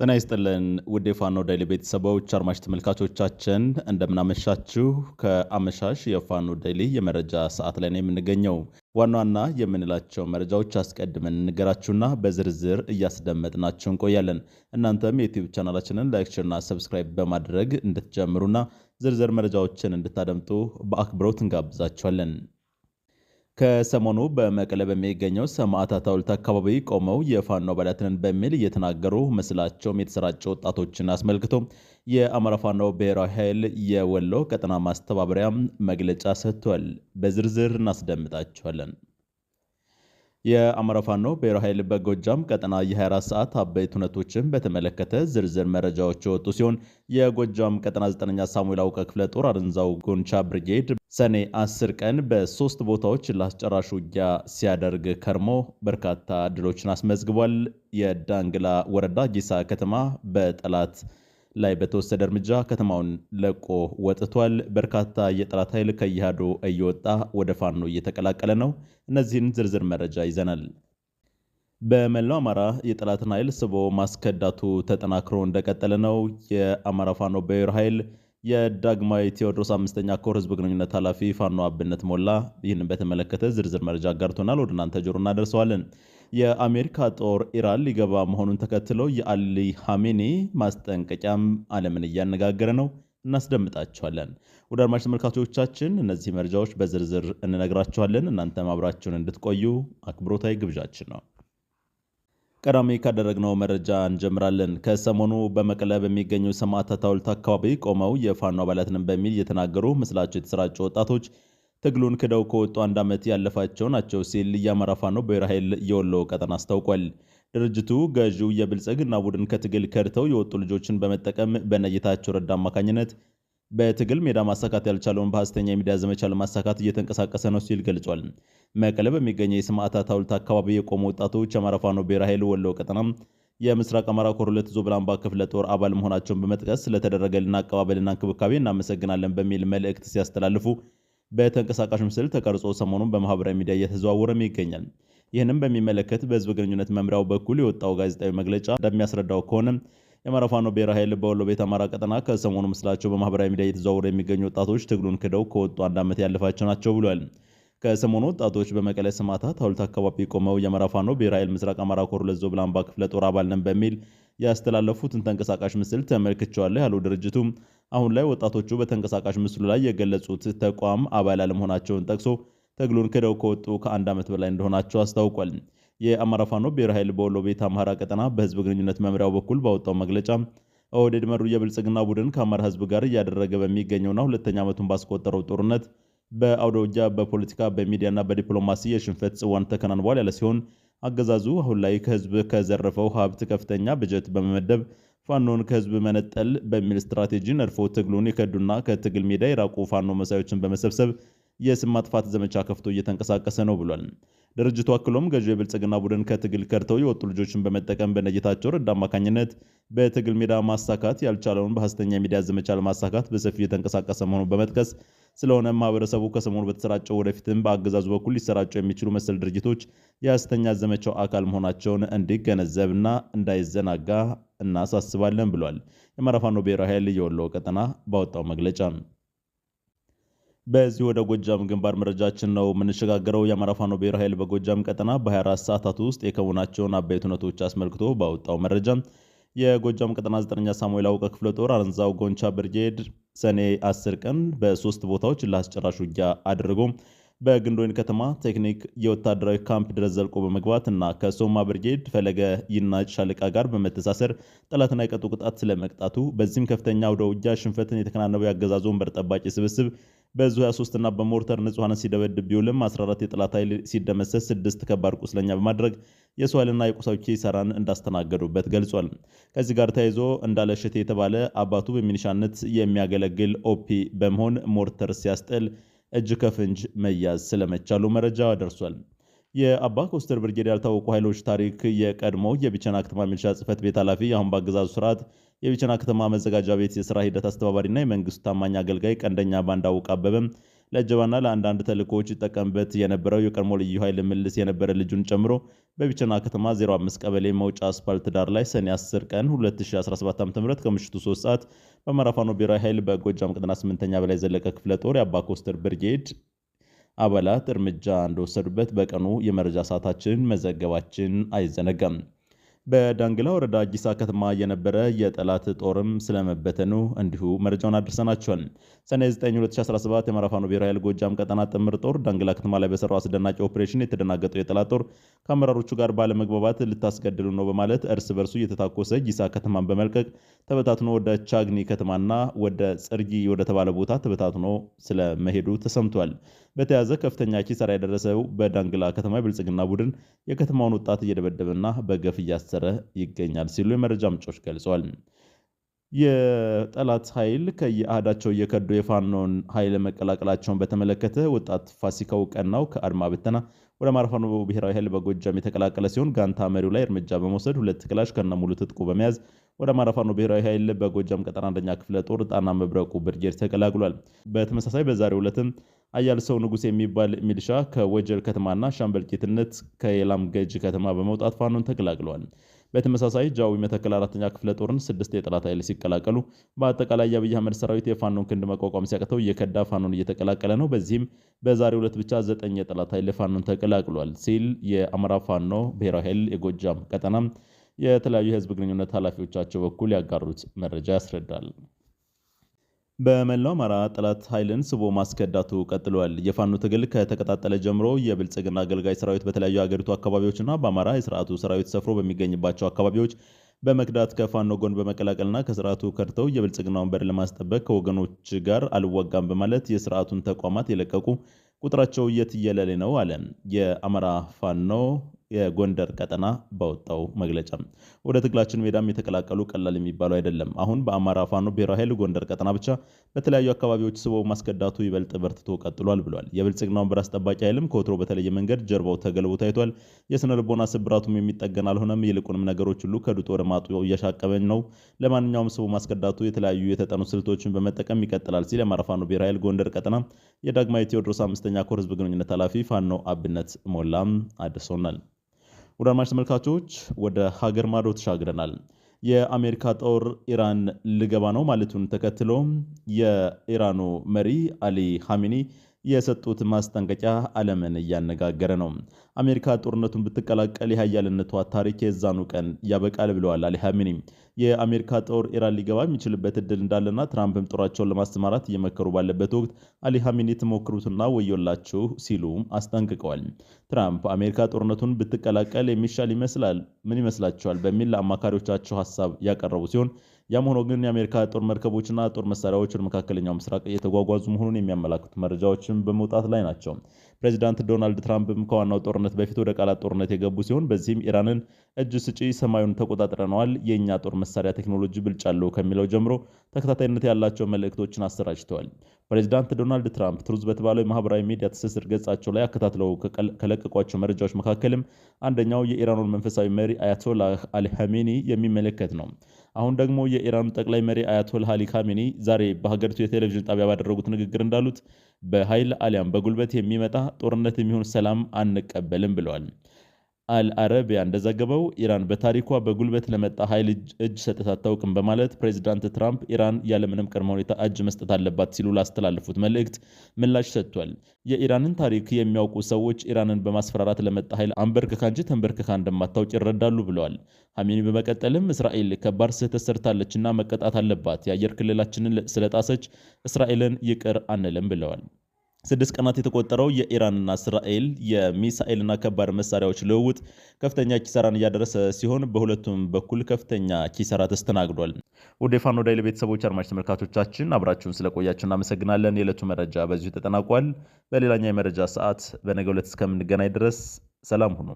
ጤና ይስጥልን ውድ የፋኖ ዳይሊ ቤተሰቦች አድማጭ ተመልካቾቻችን እንደምናመሻችሁ። ከአመሻሽ የፋኖ ዳይሊ የመረጃ ሰዓት ላይ ነው የምንገኘው። ዋና ዋና የምንላቸው መረጃዎች አስቀድመን እንገራችሁና በዝርዝር እያስደመጥናችሁ እንቆያለን። እናንተም የዩቲዩብ ቻናላችንን ላይክሽርና ሰብስክራይብ በማድረግ እንድትጀምሩና ዝርዝር መረጃዎችን እንድታደምጡ በአክብሮት እንጋብዛችኋለን። ከሰሞኑ በመቀለ በሚገኘው ሰማዕታት ሐውልት አካባቢ ቆመው የፋኖ አባላት ነን በሚል እየተናገሩ ምስላቸውም የተሰራጨ ወጣቶችን አስመልክቶ የአማራ ፋኖ ብሔራዊ ኃይል የወሎ ቀጠና ማስተባበሪያ መግለጫ ሰጥቷል። በዝርዝር እናስደምጣቸዋለን። የአማራ ፋኖ ብሔራዊ ኃይል በጎጃም ቀጠና የ24 ሰዓት አበይት ሁነቶችን በተመለከተ ዝርዝር መረጃዎች የወጡ ሲሆን የጎጃም ቀጠና 9ኛ ሳሙኤል አውቀ ክፍለ ጦር አረንዛው ጎንቻ ብርጌድ ሰኔ 10 ቀን በሶስት ቦታዎች ለአስጨራሽ ውጊያ ሲያደርግ ከርሞ በርካታ ድሎችን አስመዝግቧል። የዳንግላ ወረዳ ጊሳ ከተማ በጠላት ላይ በተወሰደ እርምጃ ከተማውን ለቆ ወጥቷል። በርካታ የጠላት ኃይል ከየሃዶ እየወጣ ወደ ፋኖ እየተቀላቀለ ነው። እነዚህን ዝርዝር መረጃ ይዘናል። በመላው አማራ የጠላትን ኃይል ስቦ ማስከዳቱ ተጠናክሮ እንደቀጠለ ነው። የአማራ ፋኖ ብሔር ኃይል የዳግማዊ ቴዎድሮስ አምስተኛ ኮር ህዝብ ግንኙነት ኃላፊ ፋኖ አብነት ሞላ ይህንን በተመለከተ ዝርዝር መረጃ አጋርቶናል። ወደ እናንተ ጆሮ እናደርሰዋለን። የአሜሪካ ጦር ኢራን ሊገባ መሆኑን ተከትሎ የአሊ ሐሜኒ ማስጠንቀቂያም ዓለምን እያነጋገረ ነው። እናስደምጣቸዋለን። ወደ አድማጭ ተመልካቾቻችን እነዚህ መረጃዎች በዝርዝር እንነግራቸዋለን እናንተም ማብራችሁን እንድትቆዩ አክብሮታዊ ግብዣችን ነው። ቀዳሚ ካደረግነው መረጃ እንጀምራለን። ከሰሞኑ በመቀለ በሚገኙ ሰማዕታት ሐውልት አካባቢ ቆመው የፋኖ አባላትንም በሚል የተናገሩ ምስላቸው የተሰራጩ ወጣቶች ትግሉን ክደው ከወጡ አንድ ዓመት ያለፋቸው ናቸው ሲል የአማራ ፋኖ ብሔራዊ ኃይል የወሎ ቀጠና አስታውቋል። ድርጅቱ ገዢው የብልጽግና ቡድን ከትግል ከድተው የወጡ ልጆችን በመጠቀም በነይታቸው ረዳ አማካኝነት በትግል ሜዳ ማሳካት ያልቻለውን በሐሰተኛ የሚዲያ ዘመቻ ለማሳካት እየተንቀሳቀሰ ነው ሲል ገልጿል። መቀለ በሚገኘው የሰማዕታት ሐውልት አካባቢ የቆሙ ወጣቶች የአማራ ፋኖ ብሔራዊ ኃይል ወሎ ቀጠና የምስራቅ አማራ ኮር ሁለት ዞብላምባ ክፍለ ጦር አባል መሆናቸውን በመጥቀስ ስለተደረገልን አቀባበልና እንክብካቤ እናመሰግናለን በሚል መልእክት ሲያስተላልፉ በተንቀሳቃሽ ምስል ተቀርጾ ሰሞኑን በማህበራዊ ሚዲያ እየተዘዋወረም ይገኛል። ይህንም በሚመለከት በህዝብ ግንኙነት መምሪያው በኩል የወጣው ጋዜጣዊ መግለጫ እንደሚያስረዳው ከሆነ የአማራ ፋኖ ብሔራዊ ኃይል በወሎ ቤት አማራ ቀጠና ከሰሞኑ ምስላቸው በማህበራዊ ሚዲያ እየተዘዋወረ የሚገኙ ወጣቶች ትግሉን ክደው ከወጡ አንድ ዓመት ያለፋቸው ናቸው ብሏል። ከሰሞኑ ወጣቶች በመቀለ ሰማዕታት ሐውልት አካባቢ ቆመው የአማራ ፋኖ ብሔራዊ ኃይል ምስራቅ አማራ ኮር ለዞ ብላምባ ክፍለ ጦር አባል ነን በሚል ያስተላለፉትን ተንቀሳቃሽ ምስል ተመልክቼዋለሁ ያለው ድርጅቱ አሁን ላይ ወጣቶቹ በተንቀሳቃሽ ምስሉ ላይ የገለጹት ተቋም አባል አለመሆናቸውን ጠቅሶ ትግሉን ክደው ከወጡ ከአንድ ዓመት በላይ እንደሆናቸው አስታውቋል። የአማራ ፋኖ ብሔራዊ ኃይል በወሎ ቤት አምሃራ ቀጠና በህዝብ ግንኙነት መምሪያው በኩል ባወጣው መግለጫ ኦህዴድ መሩ የብልጽግና ቡድን ከአማራ ህዝብ ጋር እያደረገ በሚገኘውና ሁለተኛ ዓመቱን ባስቆጠረው ጦርነት በአውደ ውጊያ በፖለቲካ በሚዲያና በዲፕሎማሲ የሽንፈት ጽዋን ተከናንቧል ያለ ሲሆን አገዛዙ አሁን ላይ ከህዝብ ከዘረፈው ሀብት ከፍተኛ በጀት በመመደብ ፋኖን ከህዝብ መነጠል በሚል ስትራቴጂ ነድፎ ትግሉን የከዱና ከትግል ሜዳ የራቁ ፋኖ መሳዮችን በመሰብሰብ የስም ማጥፋት ዘመቻ ከፍቶ እየተንቀሳቀሰ ነው ብሏል። ድርጅቱ አክሎም ገዢው የብልጽግና ቡድን ከትግል ከርተው የወጡ ልጆችን በመጠቀም በነጌታቸው ረዳ አማካኝነት በትግል ሜዳ ማሳካት ያልቻለውን በሐሰተኛ ሚዲያ ዘመቻ ለማሳካት በሰፊው የተንቀሳቀሰ መሆኑን በመጥቀስ ስለሆነ ማህበረሰቡ ከሰሞኑ በተሰራጨው ወደፊትም በአገዛዙ በኩል ሊሰራጩ የሚችሉ መሰል ድርጅቶች የሐሰተኛ ዘመቻው አካል መሆናቸውን እንዲገነዘብና እንዳይዘናጋ እናሳስባለን ብሏል። የአማራ ፋኖ ብሔራዊ ኃይል የወሎ ቀጠና ባወጣው መግለጫ በዚህ ወደ ጎጃም ግንባር መረጃችን ነው የምንሸጋገረው። የአማራ ፋኖ ብሔር ኃይል በጎጃም ቀጠና በ24 ሰዓታት ውስጥ የከውናቸውን አበይት ሁነቶች አስመልክቶ ባወጣው መረጃ የጎጃም ቀጠና 9ኛ ሳሙኤል አውቀ ክፍለ ጦር አረንዛው ጎንቻ ብርጌድ ሰኔ 10 ቀን በሶስት ቦታዎች ላስጨራሽ ውጊያ አድርጎ በግንዶይን ከተማ ቴክኒክ የወታደራዊ ካምፕ ድረስ ዘልቆ በመግባት እና ከሶማ ብርጌድ ፈለገ ይናጭ ሻለቃ ጋር በመተሳሰር ጠላትን አይቀጡ ቅጣት ስለመቅጣቱ በዚህም ከፍተኛ ወደ ውጊያ ሽንፈትን የተከናነበው ያገዛዙ ወንበር ጠባቂ ስብስብ በዙ 23 እና በሞርተር ንጹሐንን ሲደበድብ ቢውልም 14 የጠላት ኃይል ሲደመሰስ ስድስት ከባድ ቁስለኛ በማድረግ የሰው ኃይልና የቁሳዊ ኪሳራን እንዳስተናገዱበት ገልጿል። ከዚህ ጋር ተያይዞ እንዳለ እሸቴ የተባለ አባቱ በሚኒሻነት የሚያገለግል ኦፒ በመሆን ሞርተር ሲያስጠል። እጅ ከፍንጅ መያዝ ስለመቻሉ መረጃ ደርሷል። የአባ ኮስተር ብርጌድ ያልታወቁ ኃይሎች ታሪክ የቀድሞ የቢቸና ከተማ ሚልሻ ጽሕፈት ቤት ኃላፊ አሁን በአገዛዙ ስርዓት የቢቸና ከተማ መዘጋጃ ቤት የስራ ሂደት አስተባባሪና የመንግስቱ ታማኝ አገልጋይ ቀንደኛ ባንድ አወቅ አበበም ለእጀባና ለአንዳንድ ተልእኮዎች ይጠቀምበት የነበረው የቀድሞ ልዩ ኃይል ምልስ የነበረ ልጁን ጨምሮ በቢቸና ከተማ 05 ቀበሌ መውጫ አስፓልት ዳር ላይ ሰኔ 10 ቀን 2017 ዓ.ም ከምሽቱ 3 ሰዓት በማራፋኖ ብሔራዊ ኃይል በጎጃም ቅጥና 8ኛ በላይ ዘለቀ ክፍለ ጦር የአባ ኮስተር ብርጌድ አባላት እርምጃ እንደወሰዱበት በቀኑ የመረጃ ሰዓታችን መዘገባችን አይዘነጋም። በዳንግላ ወረዳ አጂሳ ከተማ የነበረ የጠላት ጦርም ስለመበተኑ እንዲሁ መረጃውን አድርሰናቸዋል። ሰኔ 9 2017 የአማራ ፋኖ ብሔራዊ ኃይል ጎጃም ቀጠና ጥምር ጦር ዳንግላ ከተማ ላይ በሰራው አስደናቂ ኦፕሬሽን የተደናገጠው የጠላት ጦር ከአመራሮቹ ጋር ባለመግባባት ልታስገድሉ ነው በማለት እርስ በርሱ እየተታኮሰ ጂሳ ከተማን በመልቀቅ ተበታትኖ ወደ ቻግኒ ከተማና ወደ ጽርጊ ወደተባለ ቦታ ተበታትኖ ስለመሄዱ ተሰምቷል። በተያዘ ከፍተኛ ኪሳራ የደረሰው በዳንግላ ከተማ የብልጽግና ቡድን የከተማውን ወጣት እየደበደበና በገፍ እያሰ እየታሰረ ይገኛል ሲሉ የመረጃ ምንጮች ገልጸዋል። የጠላት ኃይል ከየአህዳቸው እየከዱ የፋኖን ኃይል መቀላቀላቸውን በተመለከተ ወጣት ፋሲካው ቀናው ከአድማ ብተና ወደ አማራ ብሔራዊ ኃይል በጎጃም የተቀላቀለ ሲሆን ጋንታ መሪው ላይ እርምጃ በመውሰድ ሁለት ክላሽ ከነ ሙሉ ትጥቁ በመያዝ ወደ አማራ ብሔራዊ ኃይል በጎጃም ቀጠና አንደኛ ክፍለ ጦር ጣና መብረቁ ብርጌድ ተቀላቅሏል። በተመሳሳይ በዛሬው ዕለትም አያል ሰው ንጉሥ የሚባል ሚልሻ ከወጀር ከተማና ሻምበል ጌትነት ከየላም ገጅ ከተማ በመውጣት ፋኖን ተቀላቅለዋል። በተመሳሳይ ጃዊ መተከል አራተኛ ክፍለ ጦርን ስድስት የጠላት ኃይል ሲቀላቀሉ በአጠቃላይ የአብይ አህመድ ሰራዊት የፋኖን ክንድ መቋቋም ሲያቅተው የከዳ ፋኖን እየተቀላቀለ ነው። በዚህም በዛሬ ሁለት ብቻ ዘጠኝ የጠላት ኃይል ፋኖን ተቀላቅሏል ሲል የአማራ ፋኖ ብሔራዊ ኃይል የጎጃም ቀጠና የተለያዩ የህዝብ ግንኙነት ኃላፊዎቻቸው በኩል ያጋሩት መረጃ ያስረዳል። በመላው አማራ ጠላት ኃይልን ስቦ ማስከዳቱ ቀጥሏል። የፋኖ ትግል ከተቀጣጠለ ጀምሮ የብልጽግና አገልጋይ ሰራዊት በተለያዩ የአገሪቱ አካባቢዎችና በአማራ የስርዓቱ ሰራዊት ሰፍሮ በሚገኝባቸው አካባቢዎች በመክዳት ከፋኖ ጎን በመቀላቀልና ከስርዓቱ ከድተው የብልጽግናውን በር ለማስጠበቅ ከወገኖች ጋር አልዋጋም በማለት የስርዓቱን ተቋማት የለቀቁ ቁጥራቸው የትየለሌ ነው አለ የአማራ ፋኖ የጎንደር ቀጠና ባወጣው መግለጫ ወደ ትግላችን ሜዳም የተቀላቀሉ ቀላል የሚባሉ አይደለም። አሁን በአማራ ፋኖ ብሔራዊ ኃይል ጎንደር ቀጠና ብቻ በተለያዩ አካባቢዎች ስበው ማስገዳቱ ይበልጥ በርትቶ ቀጥሏል ብሏል። የብልጽግናውን ብር ጠባቂ ኃይልም ከወትሮ በተለየ መንገድ ጀርባው ተገልቦ ታይቷል። የስነ ልቦና ስብራቱም የሚጠገን አልሆነም። ይልቁንም ነገሮች ሁሉ ከዱጦ ወደ ማጡ እያሻቀበኝ ነው። ለማንኛውም ስቦ ማስገዳቱ የተለያዩ የተጠኑ ስልቶችን በመጠቀም ይቀጥላል ሲል የአማራ ፋኖ ብሔራዊ ኃይል ጎንደር ቀጠና የዳግማዊ ቴዎድሮስ አምስተኛ ኮር ህዝብ ግንኙነት ኃላፊ ፋኖ አብነት ሞላም አድርሶናል። ወደ አድማጭ ተመልካቾች ወደ ሀገር ማዶ ተሻግረናል። የአሜሪካ ጦር ኢራን ልገባ ነው ማለቱን ተከትሎ የኢራኑ መሪ አሊ ሐሚኒ የሰጡት ማስጠንቀቂያ ዓለምን እያነጋገረ ነው። አሜሪካ ጦርነቱን ብትቀላቀል የሀያልነቷ ታሪክ የዛኑ ቀን ያበቃል ብለዋል አሊ የአሜሪካ ጦር ኢራን ሊገባ የሚችልበት እድል እንዳለና ትራምፕም ጦራቸውን ለማስተማራት እየመከሩ ባለበት ወቅት አሊ ሀሚኒ ትሞክሩትና ወዮላችሁ ሲሉ አስጠንቅቀዋል። ትራምፕ አሜሪካ ጦርነቱን ብትቀላቀል የሚሻል ይመስላል ምን ይመስላችኋል? በሚል ለአማካሪዎቻቸው ሀሳብ ያቀረቡ ሲሆን ያም ሆኖ ግን የአሜሪካ ጦር መርከቦችና ጦር መሳሪያዎች ወደ መካከለኛው ምስራቅ እየተጓጓዙ መሆኑን የሚያመላክቱ መረጃዎችን በመውጣት ላይ ናቸው። ፕሬዚዳንት ዶናልድ ትራምፕም ከዋናው ጦርነት ጦርነት በፊት ወደ ቃላት ጦርነት የገቡ ሲሆን በዚህም ኢራንን እጅ ስጪ ሰማዩን ተቆጣጥረነዋል፣ የእኛ ጦር መሳሪያ ቴክኖሎጂ ብልጫ አለው ከሚለው ጀምሮ ተከታታይነት ያላቸው መልእክቶችን አሰራጭተዋል። ፕሬዚዳንት ዶናልድ ትራምፕ ትሩዝ በተባለው የማህበራዊ ሚዲያ ትስስር ገጻቸው ላይ አከታትለው ከለቀቋቸው መረጃዎች መካከልም አንደኛው የኢራኑን መንፈሳዊ መሪ አያቶላህ አሊ የሚመለከት ነው። አሁን ደግሞ የኢራኑ ጠቅላይ መሪ አያቶል ሀሊ ካሜኒ ዛሬ በሀገሪቱ የቴሌቪዥን ጣቢያ ባደረጉት ንግግር እንዳሉት በኃይል አሊያም በጉልበት የሚመጣ ጦርነት የሚሆን ሰላም አንቀበልም ብለዋል። አልአረቢያ እንደዘገበው ኢራን በታሪኳ በጉልበት ለመጣ ኃይል እጅ ሰጥታ አታውቅም በማለት ፕሬዚዳንት ትራምፕ ኢራን ያለምንም ቅድመ ሁኔታ እጅ መስጠት አለባት ሲሉ ላስተላለፉት መልእክት ምላሽ ሰጥቷል። የኢራንን ታሪክ የሚያውቁ ሰዎች ኢራንን በማስፈራራት ለመጣ ኃይል አንበርክካ እንጂ ተንበርክካ እንደማታውቅ ይረዳሉ ብለዋል። ሐሜኒ በመቀጠልም እስራኤል ከባድ ስህተት ሰርታለችና መቀጣት አለባት፣ የአየር ክልላችንን ስለጣሰች እስራኤልን ይቅር አንልም ብለዋል። ስድስት ቀናት የተቆጠረው የኢራንና እስራኤል የሚሳኤልና ከባድ መሳሪያዎች ልውውጥ ከፍተኛ ኪሳራን እያደረሰ ሲሆን በሁለቱም በኩል ከፍተኛ ኪሳራ ተስተናግዷል። ወደ ፋኖ ዳይሊ ቤተሰቦች አድማጭ ተመልካቾቻችን አብራችሁን ስለቆያችሁ እናመሰግናለን። የዕለቱ መረጃ በዚሁ ተጠናቋል። በሌላኛው የመረጃ ሰዓት በነገ ዕለት እስከምንገናኝ ድረስ ሰላም ሁኑ።